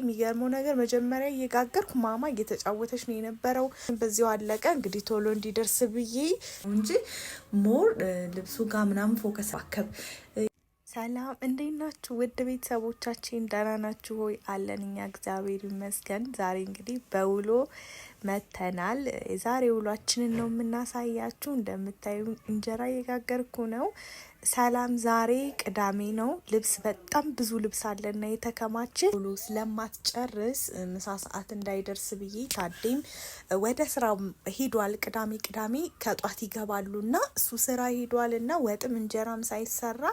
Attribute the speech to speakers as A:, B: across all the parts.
A: የሚገርመው ነገር መጀመሪያ እየጋገርኩ ማማ እየተጫወተች ነው የነበረው። በዚሁ አለቀ እንግዲህ ቶሎ እንዲደርስ ብዬ እንጂ ሞር ልብሱ ጋር ምናምን ፎከስ አከብ ሰላም እንዴት ናችሁ? ውድ ቤተሰቦቻችን ደህና ናችሁ ሆይ? አለን እኛ እግዚአብሔር ይመስገን። ዛሬ እንግዲህ በውሎ መተናል። የዛሬ ውሏችንን ነው የምናሳያችሁ። እንደምታዩ እንጀራ እየጋገርኩ ነው። ሰላም፣ ዛሬ ቅዳሜ ነው። ልብስ በጣም ብዙ ልብስ አለና የተከማችን ሁሉ ስለማትጨርስ ምሳ ሰዓት እንዳይደርስ ብዬ ታዴም ወደ ስራ ሄዷል። ቅዳሜ ቅዳሜ ከጧት ይገባሉና እሱ ስራ ሄዷልና ወጥም እንጀራም ሳይሰራ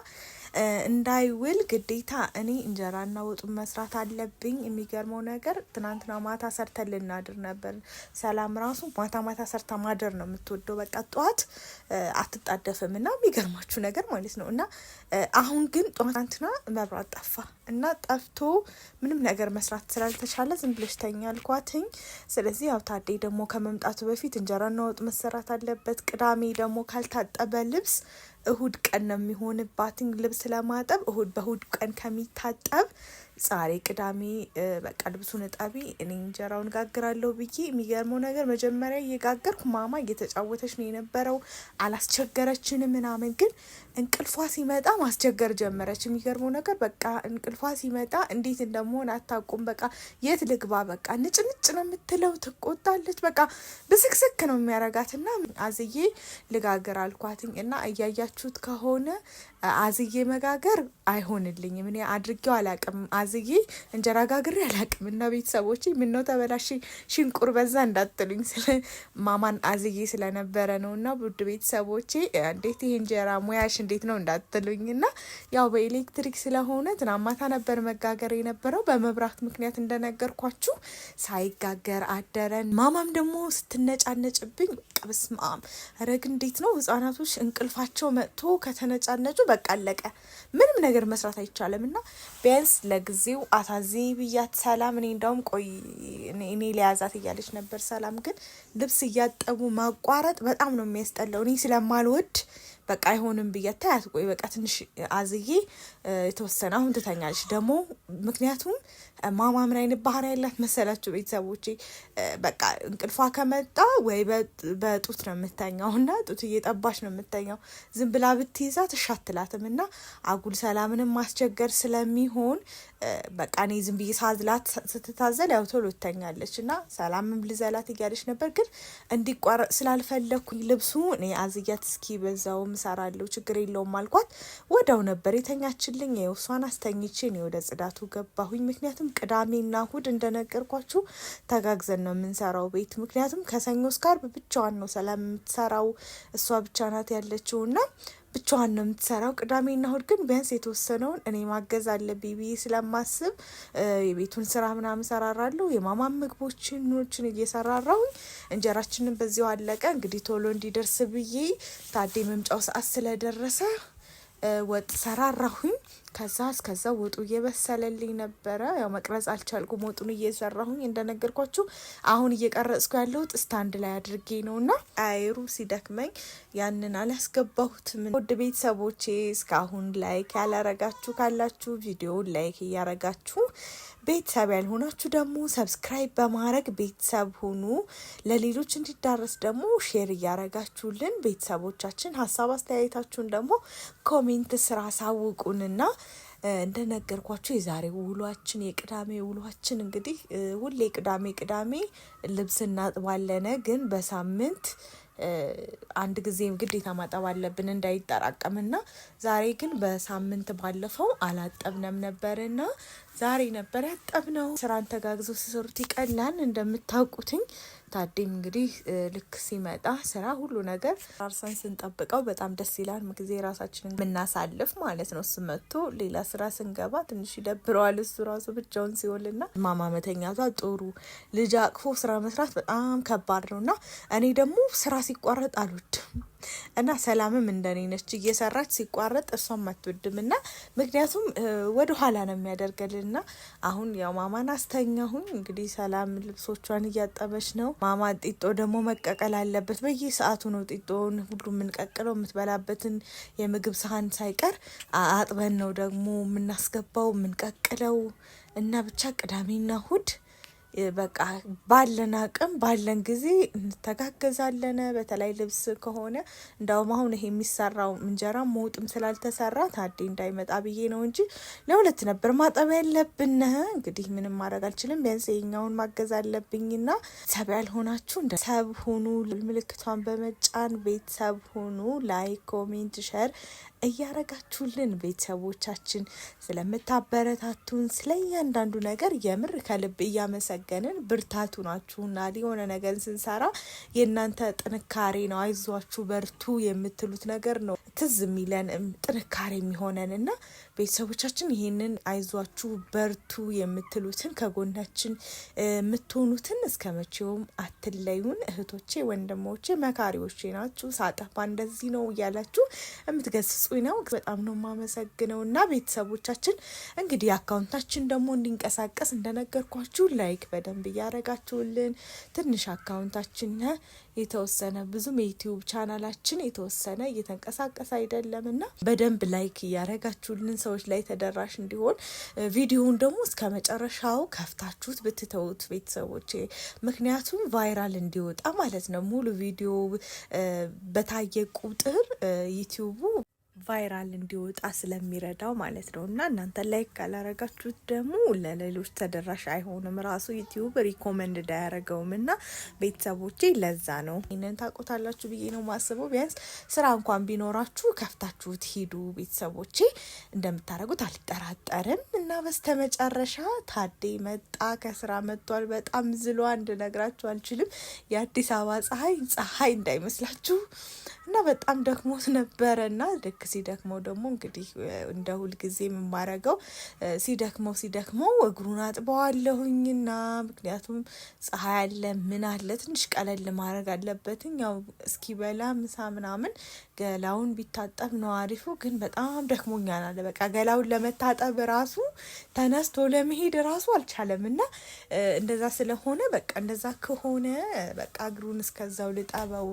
A: እንዳይውል ግዴታ እኔ እንጀራና ወጡ መስራት አለብኝ። የሚገርመው ነገር ትናንትና ማታ ሰርተን ልናድር ነበር። ሰላም ራሱ ማታ ማታ ሰርታ ማደር ነው የምትወደው። በቃ ጠዋት አትጣደፍም። እና የሚገርማችሁ ነገር ማለት ነው እና አሁን ግን ጠዋት መብራት ጠፋ እና ጠፍቶ ምንም ነገር መስራት ስላልተቻለ ዝም ብለሽ ተኛ አልኳትኝ። ስለዚህ ያው ታዴ ደግሞ ከመምጣቱ በፊት እንጀራና ወጥ መሰራት አለበት። ቅዳሜ ደግሞ ካልታጠበ ልብስ እሁድ ቀን ነው የሚሆንባትኝ ልብስ ለማጠብ እሁድ በእሁድ ቀን ከሚታጠብ ዛሬ ቅዳሜ በቃ ልብሱን እጣቢ እኔ እንጀራውን ጋግራለሁ ብዬ የሚገርመው ነገር መጀመሪያ እየጋገርኩ ማማ እየተጫወተች ነው የነበረው። አላስቸገረችን ምናምን፣ ግን እንቅልፏ ሲመጣ ማስቸገር ጀመረች። የሚገርመው ነገር በቃ እንቅልፏ ሲመጣ እንዴት እንደመሆን አታውቁም። በቃ የት ልግባ፣ በቃ ንጭንጭ ነው የምትለው፣ ትቆጣለች። በቃ ብስክስክ ነው የሚያረጋት። እና አዝዬ ልጋግር አልኳትኝ እና እያያችሁት ከሆነ አዝዬ መጋገር አይሆንልኝም እኔ አድርጌው አላቅም አዝዬ እንጀራ ጋግሬ አላቅም እና ቤተሰቦች ምነው ተበላሽ ሽንቁር በዛ እንዳትሉኝ ስለ ማማን አዝዬ ስለነበረ ነው። እና ውድ ቤተሰቦች እንዴት ይሄ እንጀራ ሙያሽ እንዴት ነው እንዳትሉኝ እና ያው በኤሌክትሪክ ስለሆነ ትናማታ ነበር መጋገር የነበረው በመብራት ምክንያት እንደነገርኳችሁ ሳይጋገር አደረን። ማማም ደግሞ ስትነጫነጭብኝ ቅብስ ማም ረግ እንዴት ነው ህጻናቶች እንቅልፋቸው መጥቶ ከተነጫነጩ በቃ አለቀ። ምንም ነገር መስራት አይቻልም እና ቢያንስ ለግ ጊዜው አታዚ ብያት ሰላም። እኔ እንዳውም ቆይ እኔ ሊያዛት እያለች ነበር ሰላም። ግን ልብስ እያጠቡ ማቋረጥ በጣም ነው የሚያስጠላው እኔ ስለማልወድ በቃ አይሆንም ብያታ ያትቆይ በቃ ትንሽ አዝዬ የተወሰነ አሁን ትተኛለች። ደግሞ ምክንያቱም ማማ ምን አይነት ባህሪ ያላት መሰላችሁ ቤተሰቦቼ? በቃ እንቅልፏ ከመጣ ወይ በጡት ነው የምተኛው እና ጡት እየጠባች ነው የምተኛው። ዝም ብላ ብትይዛ ትሻትላትም እና አጉል ሰላምንም ማስቸገር ስለሚሆን በቃ እኔ ዝም ብዬ ሳዝላት ስትታዘል ያው ቶሎ ትተኛለች እና ሰላምም ልዘላት እያለች ነበር፣ ግን እንዲቋረጥ ስላልፈለግኩኝ ልብሱ እኔ አዝያት እስኪ በዛውም እሰራለሁ ችግር የለውም አልኳት። ወዳው ነበር የተኛችልኝ። ይኸው እሷን አስተኝቼ እኔ ወደ ጽዳቱ ገባሁኝ። ምክንያቱም ቅዳሜና እሁድ እንደነገርኳችሁ ተጋግዘን ነው የምንሰራው ቤት። ምክንያቱም ከሰኞ እስከ አርብ ብቻዋን ነው ሰላም የምትሰራው እሷ ብቻ ናት ያለችውና ብቻዋን ነው የምትሰራው። ቅዳሜና እሁድ ግን ቢያንስ የተወሰነውን እኔ ማገዝ አለብኝ ብዬ ስለማስብ የቤቱን ስራ ምናምን ሰራራለሁ። የማማን ምግቦችን ኖችን እየሰራራሁኝ እንጀራችንን በዚያው አለቀ። እንግዲህ ቶሎ እንዲደርስ ብዬ ታዴ መምጫው ሰዓት ስለደረሰ ወጥ ሰራራሁኝ። ከዛ እስከዛ ወጡ እየበሰለልኝ ነበረ። ያው መቅረጽ አልቻልኩም፣ ወጡን እየሰራሁኝ እንደነገርኳችሁ። አሁን እየቀረጽኩ ያለሁት ስታንድ ላይ አድርጌ ነው እና አይሩ ሲደክመኝ ያንን አላስገባሁትም። ውድ ቤተሰቦቼ እስካሁን ላይክ ያላረጋችሁ ካላችሁ ቪዲዮውን ላይክ እያረጋችሁ ቤተሰብ ያልሆናችሁ ደግሞ ሰብስክራይብ በማድረግ ቤተሰብ ሁኑ። ለሌሎች እንዲዳረስ ደግሞ ሼር እያረጋችሁልን ቤተሰቦቻችን ሀሳብ አስተያየታችሁን ደግሞ ኮሜንት ስራ ሳውቁንና እንደነገርኳቸው የዛሬ ውሏችን የቅዳሜ ውሏችን እንግዲህ ሁሌ ቅዳሜ ቅዳሜ ልብስ እናጥባለን፣ ግን በሳምንት አንድ ጊዜም ግዴታ ማጠብ አለብን እንዳይጠራቀምና ዛሬ ግን በሳምንት ባለፈው አላጠብነም ነበርና ዛሬ ነበር ያጠብነው። ስራን ተጋግዞ ሲሰሩት ይቀላል እንደምታውቁትኝ። ታዴም እንግዲህ ልክ ሲመጣ ስራ ሁሉ ነገር አርሰን ስንጠብቀው በጣም ደስ ይላል። ጊዜ ራሳችንን የምናሳልፍ ማለት ነው። እሱ ሌላ ስራ ስንገባ ትንሽ ይደብረዋል። እሱ ራሱ ብቻውን ሲውልና ማማ መተኛቷ ጥሩ። ልጅ አቅፎ ስራ መስራት በጣም ከባድ ነው እና እኔ ደግሞ ስራ ሲቋረጥ አልወድም እና ሰላምም እንደኔ ነች። እየሰራች ሲቋረጥ እሷም አትወድም እና ምክንያቱም ወደ ኋላ ነው የሚያደርገልን እና አሁን ያው ማማን አስተኛሁኝ። እንግዲህ ሰላም ልብሶቿን እያጠበች ነው። ማማ ጢጦ ደግሞ መቀቀል አለበት። በየ ሰአቱ ነው ጢጦውን ሁሉ የምንቀቅለው። የምትበላበትን የምግብ ሳህን ሳይቀር አጥበን ነው ደግሞ የምናስገባው የምንቀቅለው እና ብቻ ቅዳሜና እሁድ በቃ ባለን አቅም ባለን ጊዜ እንተጋገዛለን። በተለይ ልብስ ከሆነ እንዳውም አሁን ይሄ የሚሰራው እንጀራ መውጥም ስላልተሰራ ታዴ እንዳይመጣ ብዬ ነው እንጂ ለሁለት ነበር ማጠብ ያለብን። እንግዲህ ምንም ማድረግ አልችልም። ቢያንስ የኛውን ማገዝ አለብኝና ሰብ ያልሆናችሁ እንደ ሰብ ሁኑ። ምልክቷን በመጫን ቤተሰብ ሁኑ። ላይክ፣ ኮሜንት፣ ሸር እያረጋችሁልን ቤተሰቦቻችን ስለምታበረታቱን ስለ እያንዳንዱ ነገር የምር ከልብ እያመሰገንን ብርታቱ ናችሁና የሆነ ነገር ስንሰራ የእናንተ ጥንካሬ ነው። አይዟችሁ በርቱ የምትሉት ነገር ነው ትዝ የሚለን ጥንካሬ የሚሆነን እና ቤተሰቦቻችን ይህንን አይዟችሁ በርቱ የምትሉትን ከጎናችን የምትሆኑትን እስከ መቼውም አትለዩን። እህቶቼ፣ ወንድሞቼ፣ መካሪዎቼ ናችሁ። ሳጠፋ እንደዚህ ነው እያላችሁ የምትገስጹ እየገለጹኝ ነው። በጣም ነው የማመሰግነው። እና ቤተሰቦቻችን እንግዲህ አካውንታችን ደግሞ እንዲንቀሳቀስ እንደነገርኳችሁ ላይክ በደንብ እያረጋችሁልን ትንሽ አካውንታችን የተወሰነ ብዙም የዩትዩብ ቻናላችን የተወሰነ እየተንቀሳቀስ አይደለም እና በደንብ ላይክ እያረጋችሁልን ሰዎች ላይ ተደራሽ እንዲሆን ቪዲዮውን ደግሞ እስከ መጨረሻው ከፍታችሁት ብትተውት ቤተሰቦች፣ ምክንያቱም ቫይራል እንዲወጣ ማለት ነው ሙሉ ቪዲዮ በታየ ቁጥር ዩትዩቡ ቫይራል እንዲወጣ ስለሚረዳው ማለት ነው። እና እናንተ ላይክ ካላረጋችሁት ደግሞ ለሌሎች ተደራሽ አይሆንም። ራሱ ዩቲዩብ ሪኮመንድ አያረገውም። እና ቤተሰቦቼ ለዛ ነው ይህንን ታቆታላችሁ ብዬ ነው ማስበው። ቢያንስ ስራ እንኳን ቢኖራችሁ ከፍታችሁት ሂዱ ቤተሰቦቼ፣ እንደምታደረጉት አልጠራጠርም። እና በስተመጨረሻ ታዴ መጣ፣ ከስራ መጥቷል። በጣም ዝሎ አንድ ነግራችሁ አልችልም። የአዲስ አበባ ፀሐይ ፀሐይ እንዳይመስላችሁ እና በጣም ደክሞት ነበረ እና ልክ ሲደክመው ደግሞ እንግዲህ እንደ ሁልጊዜ የምማረገው ሲደክመው ሲደክመው እግሩን አጥበዋለሁኝና ምክንያቱም ፀሐይ አለ ምን አለ ትንሽ ቀለል ማድረግ አለበትኝ። ያው እስኪበላ ምሳ ምናምን ገላውን ቢታጠብ ነው አሪፉ። ግን በጣም ደክሞኛል አለ። በቃ ገላውን ለመታጠብ ራሱ ተነስቶ ለመሄድ ራሱ አልቻለም። እና እንደዛ ስለሆነ በቃ እንደዛ ከሆነ በቃ እግሩን እስከዛው ልጠበው።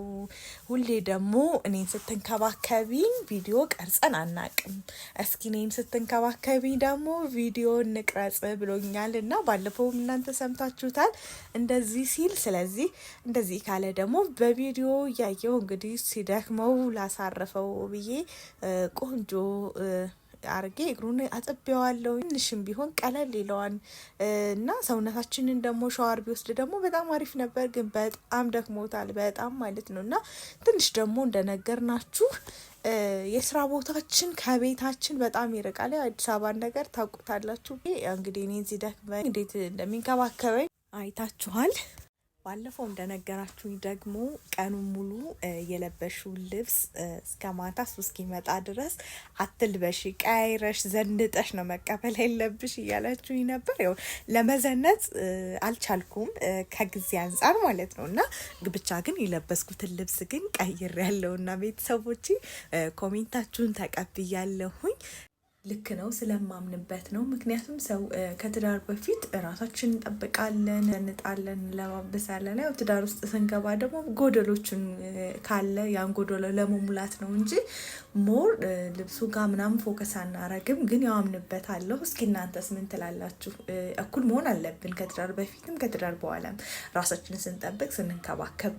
A: ሁሌ ደግሞ እኔን ስትንከባከቢኝ ቪዲዮ ቀርጸን አናቅም። እስኪ እኔን ስትንከባከቢኝ ደግሞ ቪዲዮ እንቅረጽ ብሎኛል። እና ባለፈውም እናንተ ሰምታችሁታል እንደዚህ ሲል። ስለዚህ እንደዚህ ካለ ደግሞ በቪዲዮ እያየው እንግዲህ ሲደክመው ላ አሳረፈው ብዬ ቆንጆ አርጌ እግሩን አጠቢዋለሁ። ትንሽም ቢሆን ቀለል ይለዋል እና ሰውነታችንን ደግሞ ሸዋር ቢወስድ ደግሞ በጣም አሪፍ ነበር፣ ግን በጣም ደክሞታል። በጣም ማለት ነው እና ትንሽ ደግሞ እንደነገር ናችሁ የስራ ቦታችን ከቤታችን በጣም ይርቃል። አዲስ አበባን ነገር ታውቁታላችሁ። እንግዲህ እኔ እዚህ ደክመኝ እንዴት እንደሚንከባከበኝ አይታችኋል። ባለፈው እንደነገራችሁኝ ደግሞ ቀኑን ሙሉ የለበሽው ልብስ እስከ ማታ እሱ እስኪመጣ ድረስ አትልበሽ፣ ቀያይረሽ ዘንጠሽ ነው መቀበል የለብሽ እያላችሁኝ ነበር። ያው ለመዘነጥ አልቻልኩም ከጊዜ አንጻር ማለት ነው። እና ብቻ ግን የለበስኩትን ልብስ ግን ቀይር ያለው እና ቤተሰቦቼ ኮሜንታችሁን ተቀብያለሁኝ። ልክ ነው ስለማምንበት ነው። ምክንያቱም ሰው ከትዳር በፊት እራሳችን እንጠብቃለን፣ እንጣለን፣ እንለባበሳለን። ያው ትዳር ውስጥ ስንገባ ደግሞ ጎደሎችን ካለ ያን ጎደሎ ለመሙላት ነው እንጂ ሞር ልብሱ ጋር ምናምን ፎከስ አናረግም። ግን ያው አለሁ። እስኪ እናንተስ ምን ትላላችሁ? እኩል መሆን አለብን ከትዳር በፊትም ከትዳር በኋላም ራሳችን ስንጠብቅ ስንንከባከብ።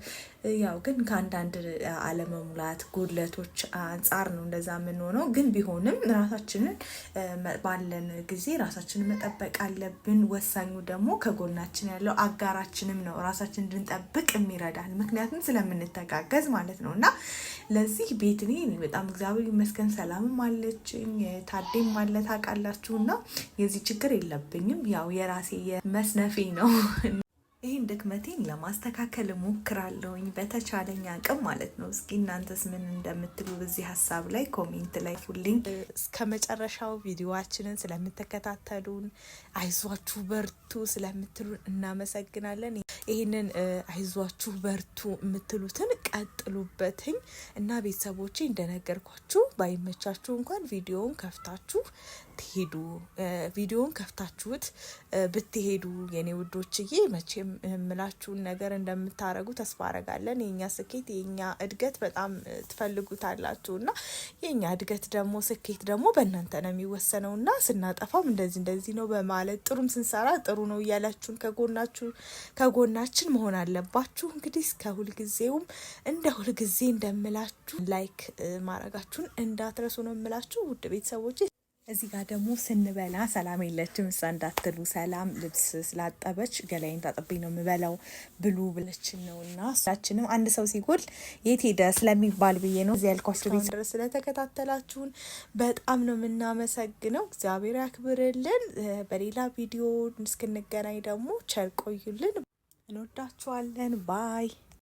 A: ያው ግን ከአንዳንድ አለመሙላት ጉድለቶች አንጻር ነው እንደዛ የምንሆነው። ግን ቢሆንም ራሳችንን ሆነን ባለን ጊዜ ራሳችንን መጠበቅ አለብን። ወሳኙ ደግሞ ከጎናችን ያለው አጋራችንም ነው ራሳችን እንድንጠብቅ የሚረዳል። ምክንያቱም ስለምንተጋገዝ ማለት ነው እና ለዚህ ቤት እኔ በጣም እግዚአብሔር ይመስገን ሰላምም አለችኝ ታዴም አለ ታውቃላችሁ። እና የዚህ ችግር የለብኝም። ያው የራሴ የመስነፌ ነው። ይህን ድክመቴን ለማስተካከል ሞክራለሁኝ በተቻለኝ አቅም ማለት ነው። እስኪ እናንተስ ምን እንደምትሉ በዚህ ሀሳብ ላይ ኮሜንት ላይ ሁልኝ። እስከ መጨረሻው ቪዲዮችንን ስለምትከታተሉን አይዟችሁ በርቱ ስለምትሉን እናመሰግናለን። ይህንን አይዟችሁ በርቱ የምትሉትን ቀጥሉበትኝ እና ቤተሰቦቼ እንደነገርኳችሁ ባይመቻችሁ እንኳን ቪዲዮውን ከፍታችሁ ብትሄዱ ቪዲዮን ከፍታችሁት ብትሄዱ የኔ ውዶችዬ መቼም የምላችሁን ነገር እንደምታረጉ ተስፋ አረጋለን። የኛ ስኬት የኛ እድገት በጣም ትፈልጉታላችሁ እና የኛ እድገት ደግሞ ስኬት ደግሞ በእናንተ ነው የሚወሰነው እና ስናጠፋም እንደዚህ እንደዚህ ነው በማለት ጥሩም ስንሰራ ጥሩ ነው እያላችሁን ከጎናችሁ ከጎናችን መሆን አለባችሁ። እንግዲህ ከሁልጊዜውም እንደ ሁልጊዜ እንደምላችሁ ላይክ ማድረጋችሁን እንዳትረሱ ነው የምላችሁ ውድ ቤተሰቦች። እዚህ ጋር ደግሞ ስንበላ ሰላም የለችም እሷ እንዳትሉ፣ ሰላም ልብስ ስላጠበች ገላይን ታጠብኝ ነው የምበላው ብሉ ብለችን ነው እና እሳችንም አንድ ሰው ሲጎል የት ሄደ ስለሚባል ብዬ ነው እዚህ ያልኳቸው። ቤት ድረስ ስለተከታተላችሁን በጣም ነው የምናመሰግነው። እግዚአብሔር ያክብርልን። በሌላ ቪዲዮ እስክንገናኝ ደግሞ ቸር ቆዩልን። እንወዳችኋለን። ባይ